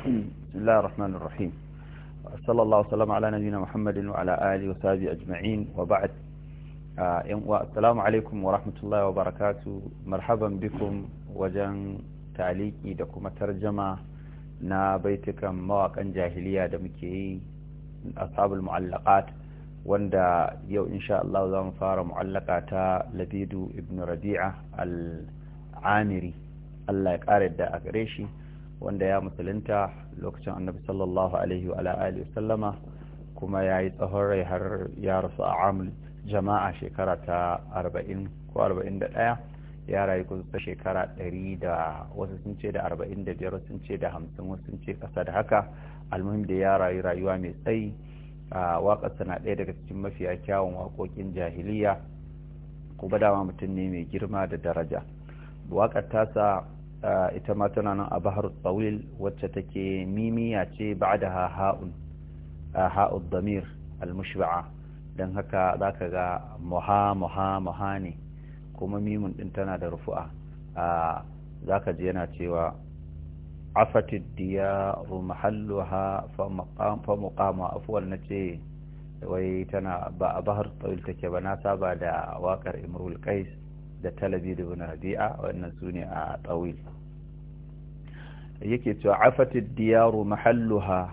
بسم الله الرحمن الرحيم صلى الله وسلم على نبينا محمد وعلى آله وصحبه أجمعين وبعد السلام عليكم ورحمة الله وبركاته مرحبا بكم وجن تعليقي دكم ترجمة na baitukan mawakan jahiliya da muke yi ashabul mu'allaqat wanda yau insha Allah fara mu'allaka ta Labidu ibnu Rabi'a al Allah ya a gare shi wanda ya musulunta lokacin annabi sallallahu alaihi wa alihi wasallama kuma ya yi tsawon rai har ya rasu a amul jama'a shekara ta 40 ko 41 ya rayu kusa ta shekara 100 da wasu sun ce da biyar sun ce da 50 wasu sun ce kasa da haka almuhim da ya rayu rayuwa mai tsayi a waƙarsa na ɗaya daga cikin mafiya kyawun waƙoƙin jahiliya kuma dama mutum ne mai girma da daraja waƙar tasa ita ma tana nan a bahar tsawil wacce take mimiya ce ba da ha'un ha'ud damir almushba'a don haka za ka ga muha muha muha ne kuma mimun din tana da rufu'a za ka ji yana cewa afatid diyaru mahalluha fa muqama afwal na ce wai tana ba a bahar tsawil take ba na saba da waƙar imrul qais da talabi da wani rabi'a wannan su ne a tsawil yake cewa afatid diyaru mahalluha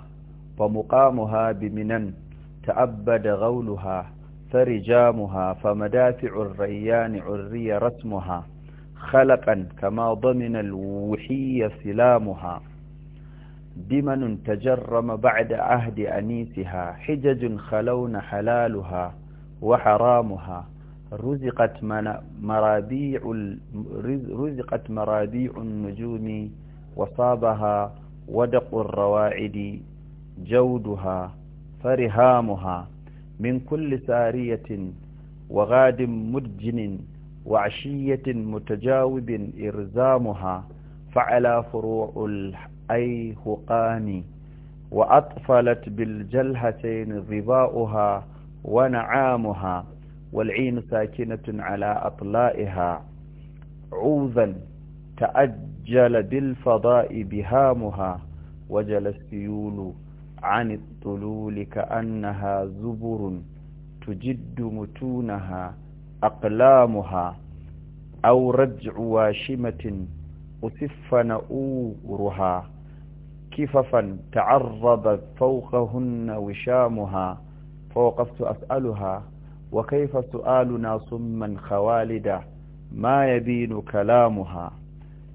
fa muqamuha bi minan ta'abbada ghawluha فرجامها فمدافع الريان عري رسمها خلقا كما ضمن الوحي سلامها بمن تجرم بعد عهد أنيسها حجج خلون حلالها وحرامها رزقت مرابيع رزقت مرابيع النجوم وصابها ودق الرواعد جودها فرهامها من كل سارية وغاد مدجن وعشية متجاوب إرزامها فعلى فروع الأيهقان وأطفلت بالجلهتين ظباؤها ونعامها والعين ساكنة على أطلائها عوذا تأجل بالفضاء بهامها وجل السيول عن الطلول كأنها زبر تجد متونها أقلامها أو رجع واشمة أسف نؤورها كففا تعرضت فوقهن وشامها فوقفت أسألها وكيف سؤالنا صما خوالدا ما يبين كلامها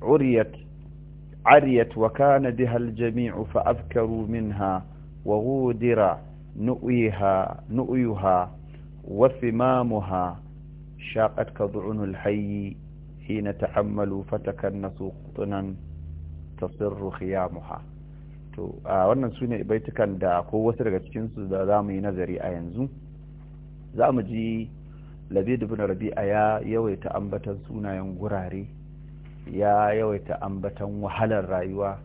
عريت عريت وكان بها الجميع فأذكروا منها وغودر نؤيها نؤيها وثمامها شاقت كضعن الحي حين تحملوا فتكنسوا قطنا تصر خيامها تو a wannan sune baitukan da ko wasu daga cikin su da zamu yi nazari a yanzu za mu ji labid ibn rabi'a ya yawaita ambatan sunayen gurare ya yawaita ambatan wahalar rayuwa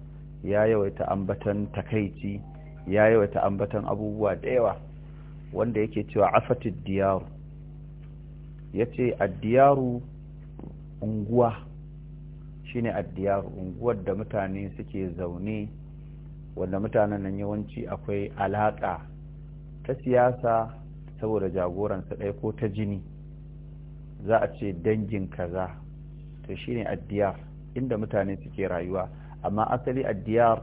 ya yawaita ambatan takaici ya yawaita ambatan abubuwa da yawa wanda yake cewa afatid diyaru yace addiyaru unguwa shine addiyaru unguwar da mutane suke zaune wanda mutanen nan yawanci akwai alaƙa ta siyasa saboda jagoransa ɗaya ko ta jini za a ce dangin kaza to shine addiyar inda mutane suke rayuwa amma asali addiyar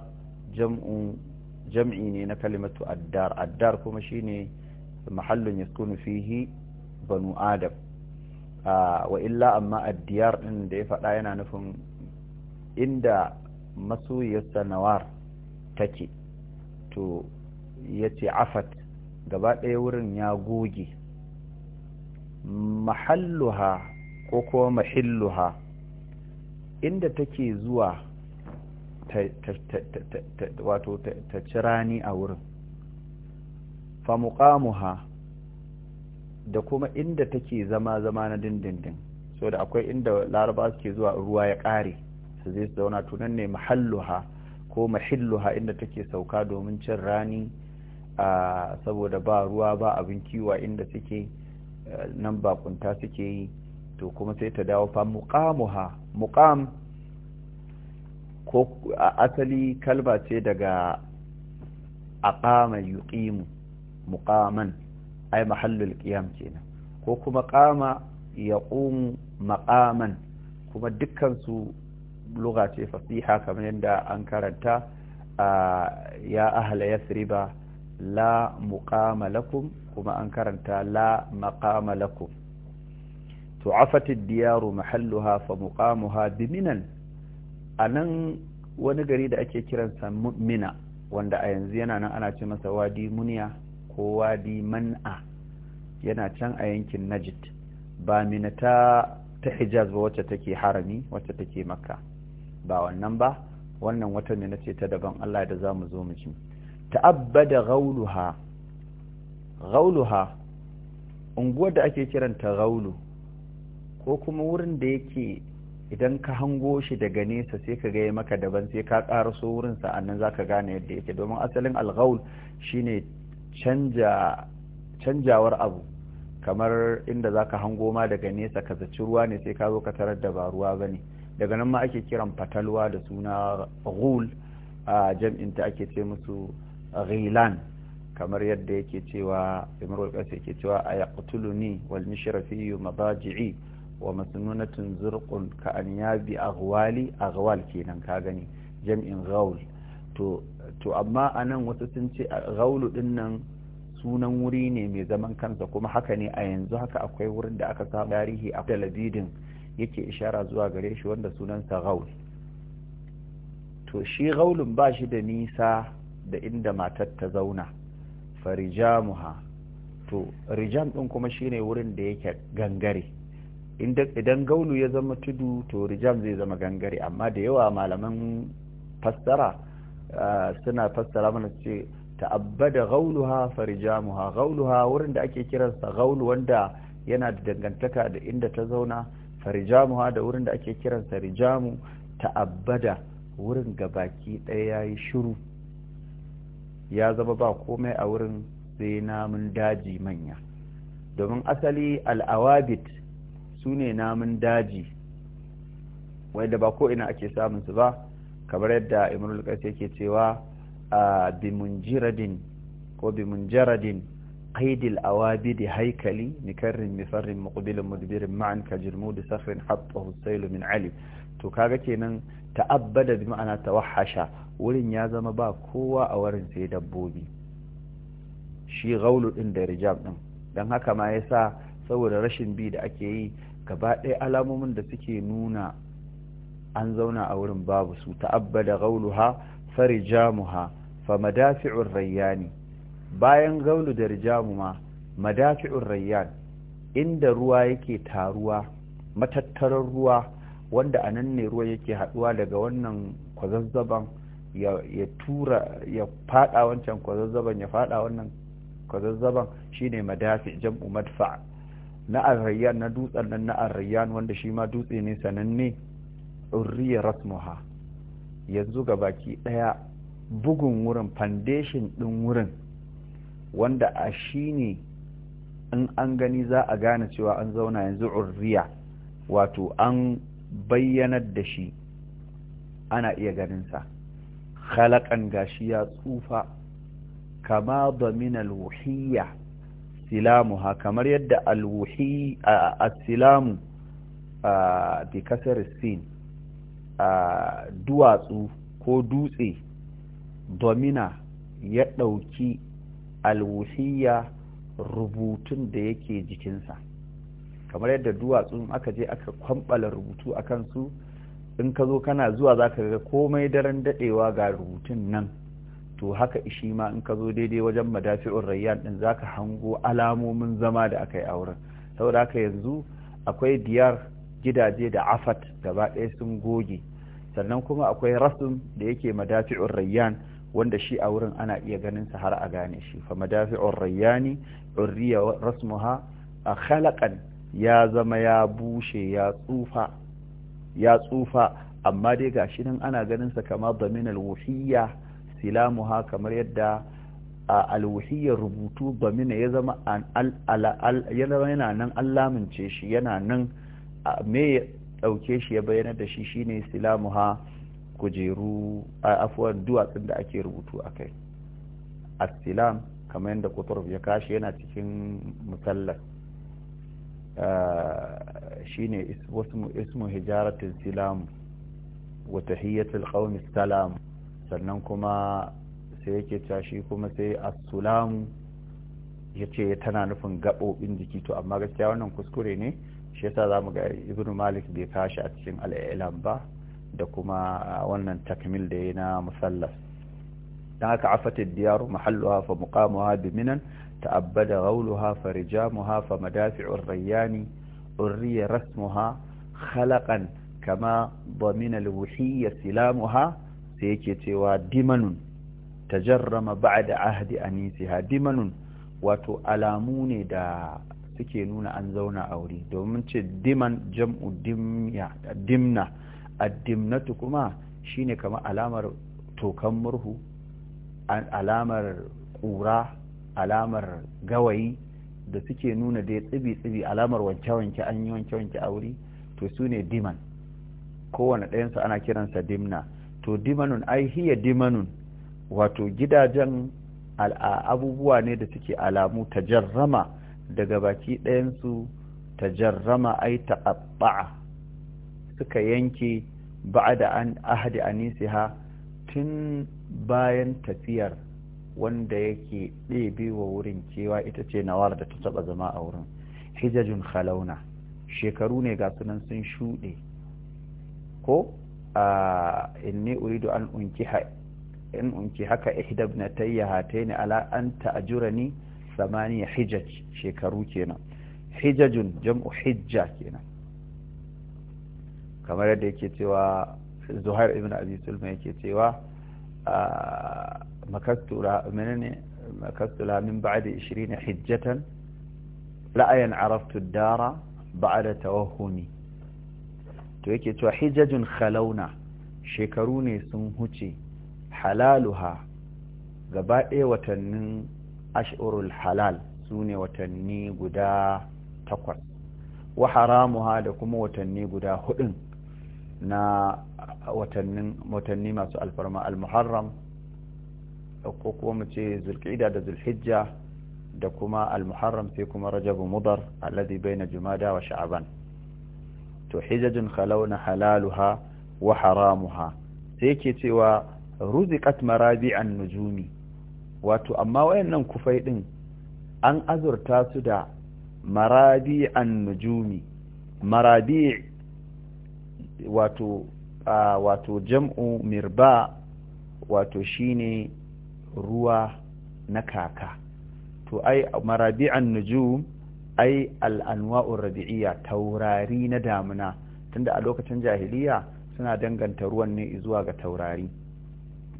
jam'i ne na kalimatu addar addar kuma shine mahallin yaskunu fihi banu adam wa illa amma addiyar ɗin da ya faɗa yana nufin inda masoyiyar sanawar take to ya ce afat gaba ɗaya wurin ya goge mahalluha ko kuma mahilluha inda take zuwa wato ta ci rani a wurin famuƙamuha da kuma inda take zama zama na dindindin so da akwai inda laraba suke zuwa ruwa ya ƙare su zai zauna tunan ne mahalluha ko mahilluha inda take sauka domin cin rani saboda ba ruwa ba abin kiwa inda suke eh, nan bakunta suke yi to kuma sai ta dawo fa muqamuha muqam ko asali kalba ce daga aqama yuqimu muqaman ay mahallul qiyam kenan ko kuma qama yaqum maqaman kuma dukkan su lugha ce fasiha kamar yadda an karanta ya ahla yasriba la muqama lakum kuma an karanta la maqama lakum to afatid diyaru mahalluha fa muqamuha biminan anan wani gari da ake kiransa mina wanda a yanzu yana nan ana ce masa wadi muniya ko wadi man'a yana can a yankin najid ba mina ta ta hijaz ba wacce take harami wacce take makka ba wannan ba wannan wata mina ce ta daban allah da za mu zo mu ji ta'abbada gauluha gauluha unguwar da ake kiranta gaulu ko kuma wurin da yake idan ka hango shi daga nesa sai ka gaya maka daban sai ka ƙaraso wurin sa'annan za ka gane yadda yake domin asalin alghaul shine canjawar abu kamar inda za ka hango ma daga nesa ka zaci ruwa ne sai ka zo ka tarar da ba ruwa ba ne daga nan ma ake kiran fatalwa da suna ghul a jam'inta ake ce musu ghilan kamar yadda yake cewa imrul yake cewa ayaqtuluni wal mishrafi madaji'i wa masnunatun zurqun ka an bi aghwali aghwal kenan ka gani jam'in ghaul to to amma anan wasu sun ce ghaulu din nan sunan wuri ne mai zaman kansa kuma haka ne a yanzu haka akwai wurin da aka samu tarihi a talabidin yake ishara zuwa gare shi wanda sunansa ghaul to shi ghaulun ba shi da nisa da inda matar ta zauna farijamuha to rijam ɗin kuma shine wurin da yake gangare idan gaulu ya zama tudu to rijam zai zama gangare amma da yawa malaman fassara ah, suna fassara mana ce ta'abbada gauluha farijamuha gauluha wurin da ake kiransa gaulu wanda yana da dangantaka da inda ta zauna farijamuha da wurin da ake kiransa rijamu ta'abbada wurin ga baki ɗaya ya yi shiru ya zama ba komai a wurin sai namun daji manya domin asali al'awabit su ne namun daji wanda ba ko ina ake samun su ba kamar yadda imanul qais yake cewa a jiradin ko jaradin قيد الأوابد هيكلي نكر مفر مقبل مدبر معا كجرمود صخر حطه السيل من علي to kaga kenan ta'abbada bi ma'ana tawahasha wurin ya zama ba kowa a wurin sai dabbobi shi gaulu din da rijab din dan haka ma sa saboda rashin bi da ake yi gaba ɗaya alamomin da suke nuna an zauna a wurin babu su ta'abbada gauluha farijamuha fa madafi'ur rayyani bayan gaulu da rijamu ma madafi'ur rayyan inda ruwa yake taruwa matattarar ruwa wanda a nan ne ruwa yake haɗuwa daga wannan kwazazzaban ya tura ya fada wancan kwazazzaban ya fada wannan kwazazzaban shine madafi jam'u madfa na arrayyan na dutsen nan na arrayyan wanda shi ma dutse ne sananne urriya rasmuha yanzu ga baki daya bugun wurin foundation din wurin wanda a shi ne in an gani za a gane cewa an zauna yanzu urriya wato an bayyanar da shi ana iya ganinsa khalaƙan gashi ya tsufa kama domin alwuhiyya silamu ha kamar yadda a bi kasar sin duwatsu ko dutse domina ya ɗauki alwuhiya rubutun da yake jikinsa kamar yadda duwatsun aka je aka kwambala rubutu a kansu in ka zo kana zuwa za ka ga komai daren daɗewa ga rubutun nan to haka ishi ma in ka zo daidai wajen madafi'un rayyan ɗin za ka hango alamomin zama da aka yi a wurin saboda haka yanzu akwai diyar gidaje da afat gaba ɗaya sun goge sannan kuma akwai rasun da yake madafi'un rayyan wanda shi a wurin ana iya ganin sa har a gane shi fa madafi'ur rayyani urriya rasmuha a khalaqan ya zama ya bushe ya tsufa ya tsufa amma dai gashi nan ana ganin sa kama damin alwuhiyya silamuha kamar yadda alwuhiyya rubutu damin ya zama yana nan an lamince shi yana nan me ya dauke shi ya bayyana da shi shine silamuha kujeru a afuwan duwatsun da ake rubutu a kai astilam kamar yadda kotor ya kashe yana cikin musallar shine ismu hijaratun silam wata qawmi salam sannan kuma sai yake tashi kuma sai as ya ce tana nufin gaɓoɓin jiki to amma gaskiya wannan kuskure ne shi yasa za mu ga Ibn malik bai kashi a cikin al'ilam ba da kuma ah, wannan takmil da ya na musallas don haka afatid diyaru mahalluha fa muqamuha bi minan ta'abbada ghawluha fa rijamuha fa madafi'ur rayyani urriya rasmuha khalaqan kama ضمن الوحية سلامها سيكي تيوا دمن tajarrama ba'da ahdi anisiha dimanun wato alamu ne da suke nuna an zauna aure domin ce diman jam'u dimna addimnatu kuma shine kamar alamar tokan murhu alamar ƙura alamar gawayi da suke nuna dai tsibi-tsibi alamar wanke-wanke an yi wanke-wanke a wuri to su ne diman kowane ɗayansu ana kiransa dimna to dimanun ai hiya dimanun wato gidajen abubuwa ne da suke alamu ta jarrama daga baki ɗayansu ta jarrama ai ta suka yanke ba'ada an ahadi anisiha tun bayan tafiyar wanda yake ɗebe wa wurin cewa ita ce nawar da ta taɓa zama a wurin hijajun khalauna shekaru ne ga sunan sun shuɗe ko a inni uridu an unkiha in unki haka ihda ibnatayya hatayn ala an ta'jurani samaniya hijaj shekaru kenan hijajun jam'u hijja kenan kamar yadda yake cewa zuhair ibn abi sulma yake cewa ah, makastura menene makastula min ba'da 20 hijjatan ra'ayan araftu dara ba'da tawahhumi to yake cewa hijjajun khalauna shekaru ne sun huce halaluha gaba ɗaya watannin ash'urul halal su ne watanni guda takwas wa haramuha da kuma watanni guda hudun na watanni masu alfarma al-muharram ko kuma mu ce da zulhijja da kuma al-muharram sai kuma rajabu mudar alladhi baina jumada wa sha'ban to hijajun khalawna halaluha wa haramuha sai yake cewa ruziqat marabi'an nujumi wato amma wayannan kufai din an azurta su da marabi'an nujumi marabi' wato wato jam'u mirba wato shine ruwa na kaka to ai marabi'an nujum ai al'anwa'ur rabi'iyya taurari na damuna tunda a lokacin jahiliya suna danganta ruwan ne zuwa ga taurari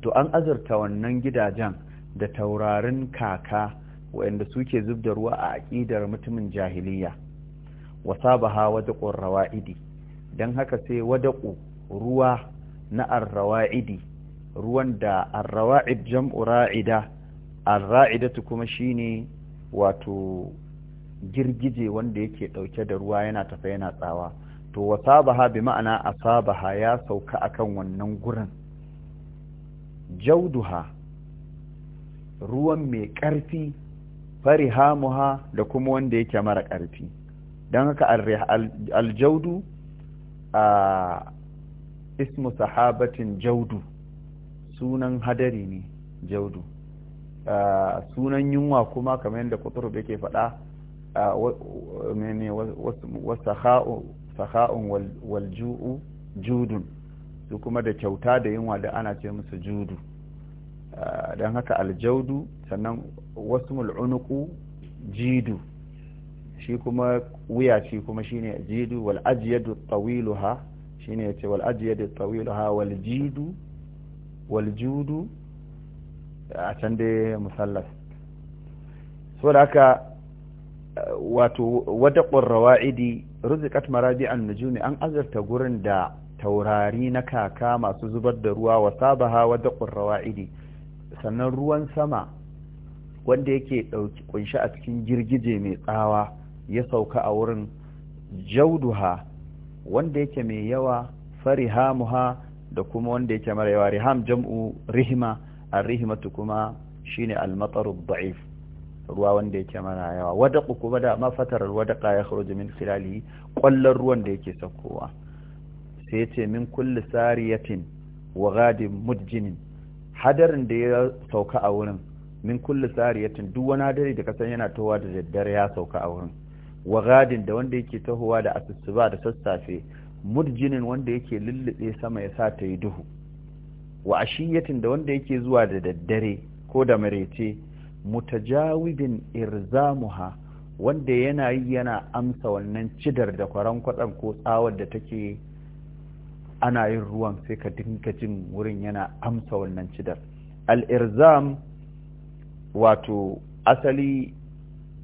to an azurta wannan gidajen da taurarin kaka waɗanda suke zub da ruwa a aƙidar mutumin jahiliya wasa baha wata ƙorrawa idi don haka sai wadaƙu ruwa na arrawa'idi ruwan da arrawa'id jam'u ra'ida arra'idatu kuma shine wato girgije wanda yake ɗauke da ruwa yana tafa yana tsawa to wasabaha bi ma'ana asabaha ya sauka a kan wannan gurin jauduha ruwan mai ƙarfi fari farihamuha da kuma wanda yake mara ƙarfi don haka aljaudu a ismu sahabatin jaudu sunan hadari ne jaudu sunan yunwa kuma kamar yadda kuturu da ke faɗa saha'un walju'u judun su kuma da kyauta da yunwa da ana ce musu judu don haka aljaudu sannan wasu mul'unuku jidu shi kuma wuya shi kuma shine jidu wal ajyadu tawiluha shine yace wal ajiyadu tawiluha wal jidu wal judu a can dai musallas saboda haka wato wata ƙurrawa'idi ruzikat marabi an nujumi an azurta gurin da taurari na kaka masu zubar da ruwa wa sabaha wata idi sannan ruwan sama wanda yake kunshi a cikin girgije mai tsawa ya sauka a wurin jauduha wanda yake mai yawa farihamuha da kuma wanda yake mara yawa riham jam'u rihima rihima rihimatu kuma shine al da'if ruwa wanda yake mara yawa wadaqu kuma da mafatar wadaqa ya kharuju min khilalihi ƙwallon ruwan da yake saukowa sai yace min kulli sariyatin wa ghadin mudjinin hadarin da ya sauka a wurin min kulli sariyatin duk wani hadari da kasan yana towa da daddare ya sauka a wurin wa gadin da wanda yake tahowa da asusuba da sassafe murjinin wanda yake lullube sama ya sa ta yi duhu wa ashiyatin da wanda yake zuwa da daddare ko da marece mutajawibin irzamuha wanda yana yi yana amsa wannan cidar da kwaran kwaɗan ko tsawar da take ana yin ruwan sai ka dinga jin wurin yana amsa wannan cidar al-irzam wato asali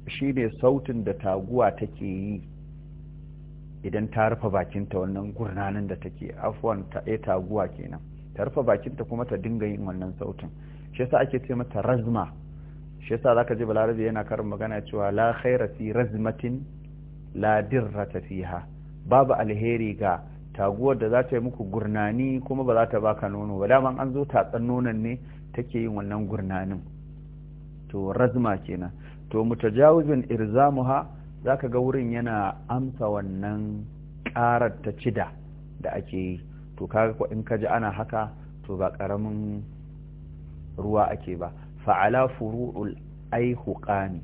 Shi ne sautin da taguwa take yi idan ta rufe bakinta wannan gurnanin da take afwan ta e taguwa kenan ta rufe bakinta kuma ta dinga yin wannan sautin shi yasa ake ce mata razma shi yasa zaka ji balarabe yana karin magana cewa la khaira fi razmatin la dirrata fiha babu alheri ga taguwar da za ta yi muku gurnani kuma ba za ta baka nono ba daman an zo tatsan nonon ne take yin wannan gurnanin to razma kenan to mutajawizin irzamuha ka ga wurin yana amsa wannan ƙarar ta cida da ake yi to kaga ko in kaji ana haka to ba ƙaramin ruwa ake ba fa'ala furu'ul aihuqani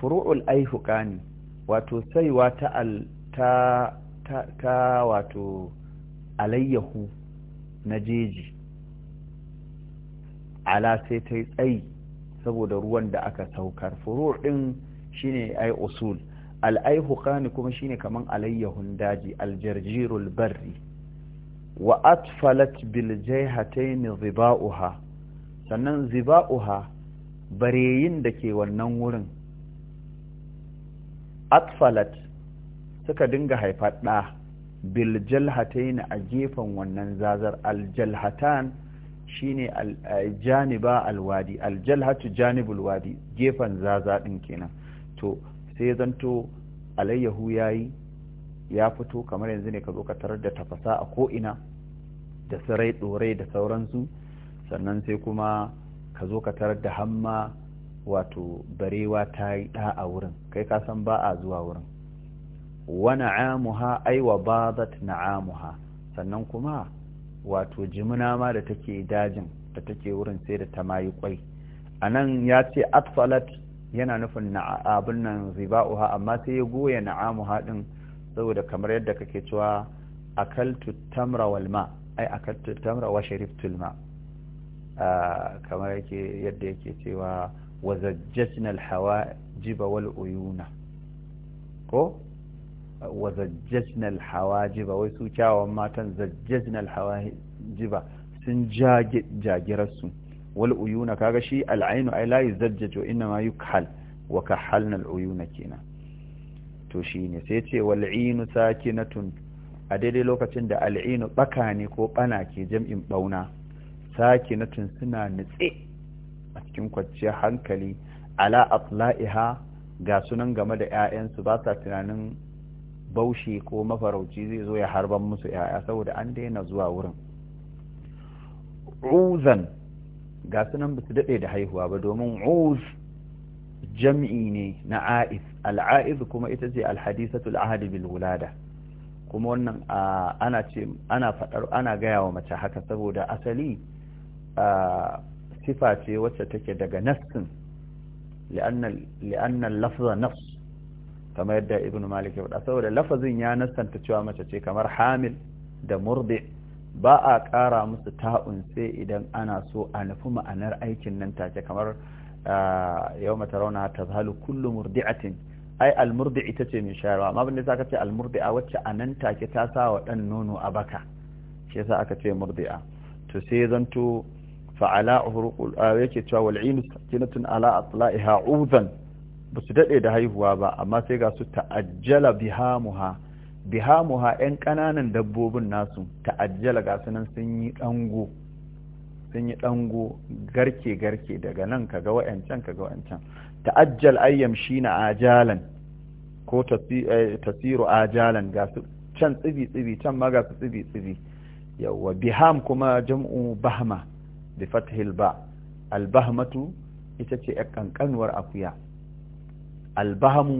furu'ul aihuqani wato sai ta al ta ta, ta wato alayyahu na jeji ala sai ta yi tsayi saboda ruwan da aka saukar furur din shine ai usul al'aihuqani kuma shine kaman alayyahun daji aljarjirul barri wa atfalat bil jayhatayn ziba'uha sannan ziba'uha bareyin da ke wannan wurin atfalat suka dinga haifar ɗa bil jalhatayn a gefen wannan zazar aljalhatan shine eh, janiba alwadi aljalhatu janibul wadi gefen zaza din kenan to sai zanto alayyahu yayi ya fito kamar yanzu ne ka zo ka tarar da tafasa a ko ina da sarai dorai da sauransu sannan sai kuma ka zo ka tarar da hamma wato barewa ta yi da a wurin kai ka san ba a zuwa wurin wa na'amuha ai wa badat na'amuha sannan kuma wato jimina ma da take dajin da take wurin sai da ta mayi kwai a nan ya ce atfalat yana nufin abin nan riba'uha amma sai ya goya na'amu haɗin saboda kamar yadda kake cewa akaltu tamra wal ma ai akaltu tamra wa sharibtul ma kamar yake yadda yake cewa wa zajjatna al jiba wal ko wa zajjajnal hawajiba wai su kyawawan matan zajjajnal hawajiba sun jagirarsu wal uyuna kaga shi al'ainu ai la yuzajjaju inna ma yukhal wa kahalna al uyuna kenan to shi ne sai ce wal inu sakinatun a daidai lokacin da al'inu baka ne ko bana ke jam'in bauna sakinatun suna nutse a cikin kwanciyar hankali ala atla'iha ga sunan game da 'ya'yansu ba sa tunanin baushe ko mafarauci zai zo ya harban musu ‘ya'ya saboda an daina zuwa wurin uzan ga sunan ba su daɗe da haihuwa ba domin uz jam'i ne na a'iz al'a'iz kuma ita ce alhadisatul ahadi bil wulada kuma wannan ana ce ana faɗar ana gaya wa mace haka saboda asali sifa ce wacce take daga nassin li'annan lafza nafs kamar yadda ibn malik ya faɗa saboda lafazin ya nasanta cewa mace ce kamar hamil da murdi ba a ƙara musu ta'un sai idan ana so a nufi ma'anar aikin nan take kamar yau mata rauna ta zahalu kullu murdi'atin ai almurdi ita ce mai shayarwa amma abinda aka ce almurdi a wacce a nan take ta sa wa ɗan nono a baka shi yasa aka ce murdi'a to sai zanto fa'ala yake cewa wal'inu sakinatun ala atla'iha uzan ba su daɗe da haihuwa ba amma sai ga su ta'ajjala bihamuha bihamuha 'yan ƙananan dabbobin nasu ta'ajjala ga su nan sun yi ɗango sun yi ɗango garke-garke daga nan ka ga wa'ancan ka ga wa'ancan ta'ajjal ayyam shi na ajalan ko eh, tasiru ajalan ga su can tsibi-tsibi can ma ga su tsibi-tsibi yawwa biham kuma jam'u bahma bi fathil ba albahmatu ita ce 'yan ƙanƙanuwar akuya albahamu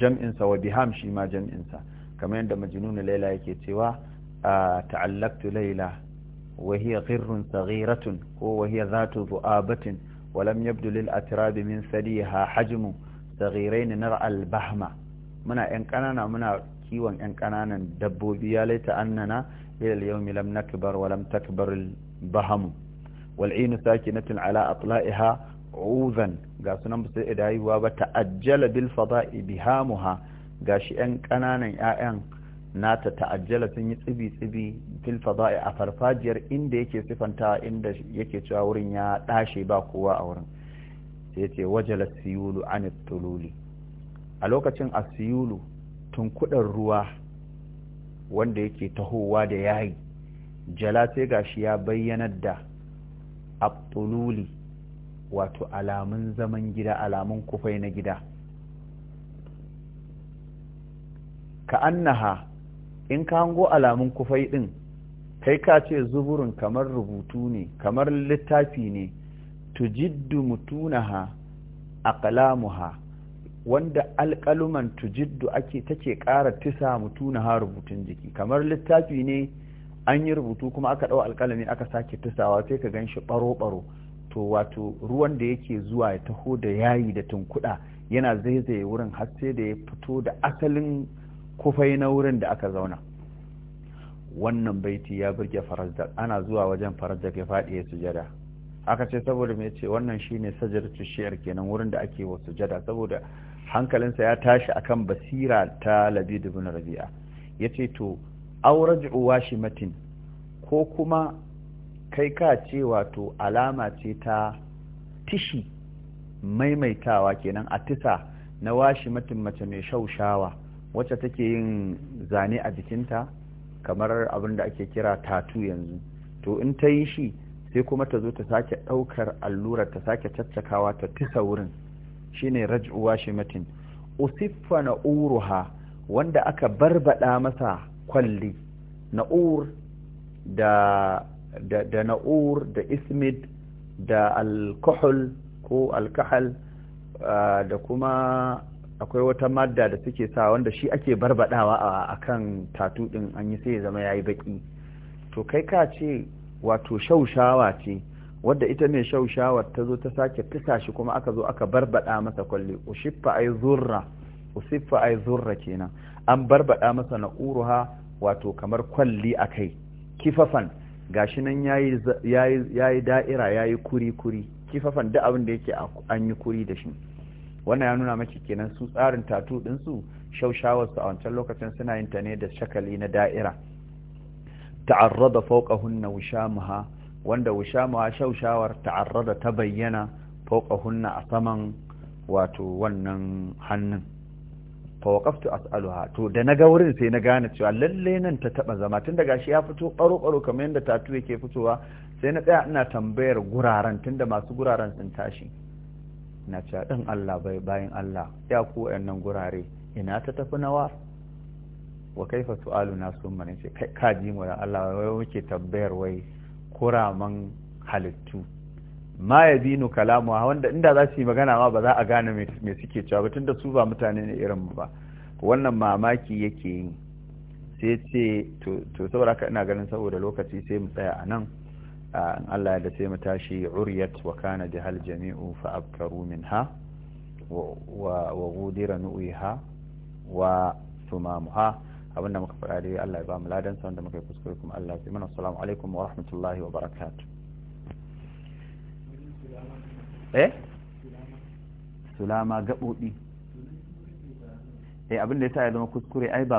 jam'insa wa biham shi ma jam'insa kamar yadda majnunu laila yake cewa ta'allaktu laila wa hiya ghirrun saghiratun ko wa hiya zatu dhu'abatin wa lam yabdu lil atrabi min sadiha hajmu saghirain na albahma muna yan kanana muna kiwon yan kananan dabbobi ya laita annana ila al-yawmi lam nakbar wa lam takbar al-baham والعين ساكنة على أطلائها uzan ga sunan ba su da haihuwa ba ta'ajjala bil fada'i ga gashi yan ƙananan 'ya'yan nata ta'ajjala sun yi tsibi-tsibi fil fada'i a farfajiyar inda yake sifanta inda yake cewa wurin ya dashe ba kowa a wurin sai ya ce wajala siyulu an tululi a lokacin asiyulu tunkuɗar ruwa wanda yake tahowa da yayi jala sai gashi ya bayyanar da abtululi wato alamun zaman gida alamun kufai na gida ka annaha in ka hango alamun kufai din kai ka ce zuburin kamar rubutu ne kamar littafi ne tujiddu mutunaha aqlamuha wanda alkaluman tujiddu ake take kara tisa mutunaha rubutun jiki kamar littafi ne an yi rubutu kuma aka ɗau alkalami aka sake tisawa sai ka ganshi baro-baro. to wato ruwan da yake zuwa ya taho da yayi da tunkuɗa yana zaizaye wurin har sai da ya fito da asalin kufai na wurin da aka zauna wannan baiti ya burge farajar ana zuwa wajen farajar ya faɗi ya sujada aka ce saboda mai ce wannan shine sajadatu shi'ar kenan wurin da ake wa sujada saboda hankalinsa ya tashi akan basira ta labid ibn rabi'a yace to shi matin ko kuma kai ka ce wato alama ce ta tishi maimaitawa kenan a tisa na washi mutum mace mai shaushawa wacce take yin zane a jikinta kamar abin da ake kira tatu yanzu to in ta yi shi sai kuma ta zo ta sake ɗaukar allurar ta sake caccakawa ta tisa wurin shine raj'u washimatin usiffa uruha wanda aka barbada masa kwalli na'ur da da na'ur da ismid da alkohol ko alkahal da kuma akwai wata madda da suke sa wanda shi ake barbadawa a kan tatu din an yi sai ya zama yayi baki to kai ka ce wato shaushawa ce wadda ita mai shaushawa ta zo ta sake fisa shi kuma aka zo aka barbada masa kwalli ushiffa ai zurra usiffa ai zurra kenan an barbada masa na'uruha wato kamar kwalli akai kifafan gashi nan ya yi da'ira ya yi kuri-kuri kifafan duk abin da yake an yi kuri da shi wannan ya nuna maki kenan su tsarin tatu ɗinsu shaushawarsu a wancan lokacin suna yin ta ne da shakali na da'ira ta'arrada hunna wushamuha wanda wushamuha shaushawar ta'arrada ta bayyana hunna a saman wato wannan hannun fawakaftu as'aluha to da na ga wurin sai na gane cewa lalle nan ta taba zama tun daga shi ya fito baro baro kamar yadda tatu yake fitowa sai na tsaya ina tambayar guraren tun da masu guraren sun tashi na cewa ɗan Allah bai bayan Allah ya ku wayannan gurare ina ta tafi nawa wa kaifa na su ne ce kaji mu Allah wai muke tambayar wai kuraman halittu ma ya binu kalamu wanda inda za su yi magana ma ba za a gane mai suke cewa ba tunda su ba mutane ne irin mu ba wannan mamaki yake yi sai ce to saboda haka ina ganin saboda lokaci sai mu tsaya a nan in Allah ya da sai mu tashi uriyat wa kana jahal jami'u fa abkaru minha wa gudira nu'iha wa tumamuha abinda muka faɗa dai Allah ya ba mu ladan sa wanda muka yi kuskure kuma Allah ya mana assalamu alaikum wa rahmatullahi wa barakatuh eh sulama gaɓoɓi eh abin da ya sa ya zama kuskure ai ba